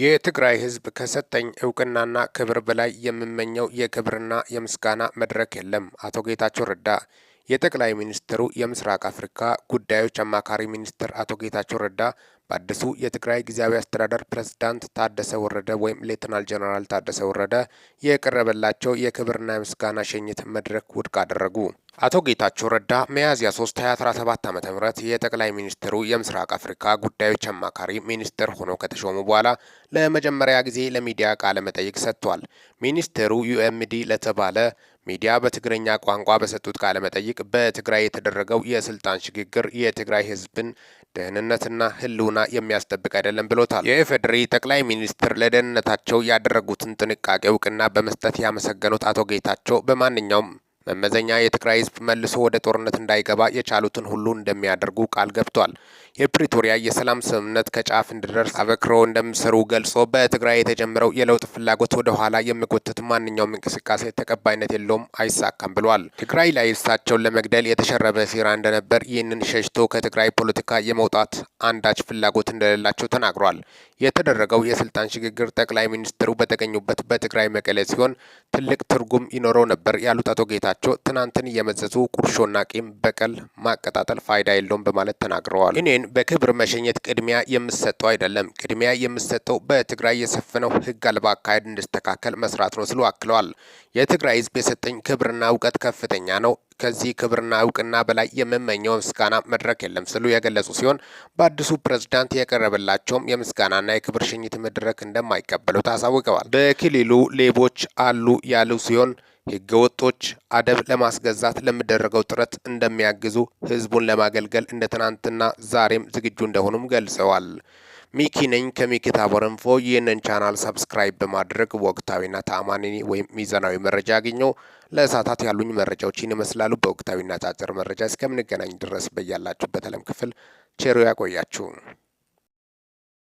የትግራይ ህዝብ ከሰጠኝ እውቅናና ክብር በላይ የምመኘው የክብርና የምስጋና መድረክ የለም። አቶ ጌታቸው ረዳ የጠቅላይ ሚኒስትሩ የምስራቅ አፍሪካ ጉዳዮች አማካሪ ሚኒስትር አቶ ጌታቸው ረዳ በአዲሱ የትግራይ ጊዜያዊ አስተዳደር ፕሬዝዳንት ታደሰ ወረደ ወይም ሌትናል ጀነራል ታደሰ ወረደ የቀረበላቸው የክብርና የምስጋና ሸኝት መድረክ ውድቅ አደረጉ። አቶ ጌታቸው ረዳ ሚያዝያ 3 2017 ዓ ም የጠቅላይ ሚኒስትሩ የምስራቅ አፍሪካ ጉዳዮች አማካሪ ሚኒስትር ሆኖ ከተሾሙ በኋላ ለመጀመሪያ ጊዜ ለሚዲያ ቃለ መጠይቅ ሰጥቷል። ሚኒስትሩ ዩኤምዲ ለተባለ ሚዲያ በትግረኛ ቋንቋ በሰጡት ቃለ መጠይቅ በትግራይ የተደረገው የስልጣን ሽግግር የትግራይ ህዝብን ደህንነትና ህልውና የሚያስጠብቅ አይደለም ብሎታል። የኢፌዴሪ ጠቅላይ ሚኒስትር ለደህንነታቸው ያደረጉትን ጥንቃቄ እውቅና በመስጠት ያመሰገኑት አቶ ጌታቸው በማንኛውም መመዘኛ የትግራይ ህዝብ መልሶ ወደ ጦርነት እንዳይገባ የቻሉትን ሁሉ እንደሚያደርጉ ቃል ገብቷል። የፕሪቶሪያ የሰላም ስምምነት ከጫፍ እንዲደርስ አበክሮ እንደሚሰሩ ገልጾ በትግራይ የተጀመረው የለውጥ ፍላጎት ወደ ኋላ የሚጎትት ማንኛውም እንቅስቃሴ ተቀባይነት የለውም፣ አይሳካም ብሏል። ትግራይ ላይ እሳቸውን ለመግደል የተሸረበ ሴራ እንደነበር፣ ይህንን ሸሽቶ ከትግራይ ፖለቲካ የመውጣት አንዳች ፍላጎት እንደሌላቸው ተናግሯል። የተደረገው የስልጣን ሽግግር ጠቅላይ ሚኒስትሩ በተገኙበት በትግራይ መቀሌ ሲሆን ትልቅ ትርጉም ይኖረው ነበር ያሉት አቶ ጌታ። በመሆናቸው ትናንትን እየመዘዙ ቁርሾና ቂም በቀል ማቀጣጠል ፋይዳ የለውም በማለት ተናግረዋል። እኔን በክብር መሸኘት ቅድሚያ የምሰጠው አይደለም፣ ቅድሚያ የምሰጠው በትግራይ የሰፈነው ህግ አልባ አካሄድ እንዲስተካከል መስራት ነው ሲሉ አክለዋል። የትግራይ ህዝብ የሰጠኝ ክብርና እውቀት ከፍተኛ ነው ከዚህ ክብርና እውቅና በላይ የምመኘው ምስጋና መድረክ የለም ሲሉ የገለጹ ሲሆን በአዲሱ ፕሬዝዳንት የቀረበላቸውም የምስጋናና የክብር ሽኝት መድረክ እንደማይቀበሉት አሳውቀዋል። በክልሉ ሌቦች አሉ ያሉ ሲሆን ወጦች አደብ ለማስገዛት ለሚደረገው ጥረት እንደሚያግዙ፣ ህዝቡን ለማገልገል እንደ ትናንትና ዛሬም ዝግጁ እንደሆኑም ገልጸዋል። ሚኪ ነኝ ከሚኪ ታቦር ኢንፎ። ይህንን ቻናል ሰብስክራይብ በማድረግ ወቅታዊና ተአማኒ ወይም ሚዛናዊ መረጃ ያገኘው። ለእሳታት ያሉኝ መረጃዎችን ይመስላሉ። በወቅታዊና አጫጭር መረጃ እስከምንገናኝ ድረስ በያላችሁበት ዓለም ክፍል ቸሩ ያቆያችሁ።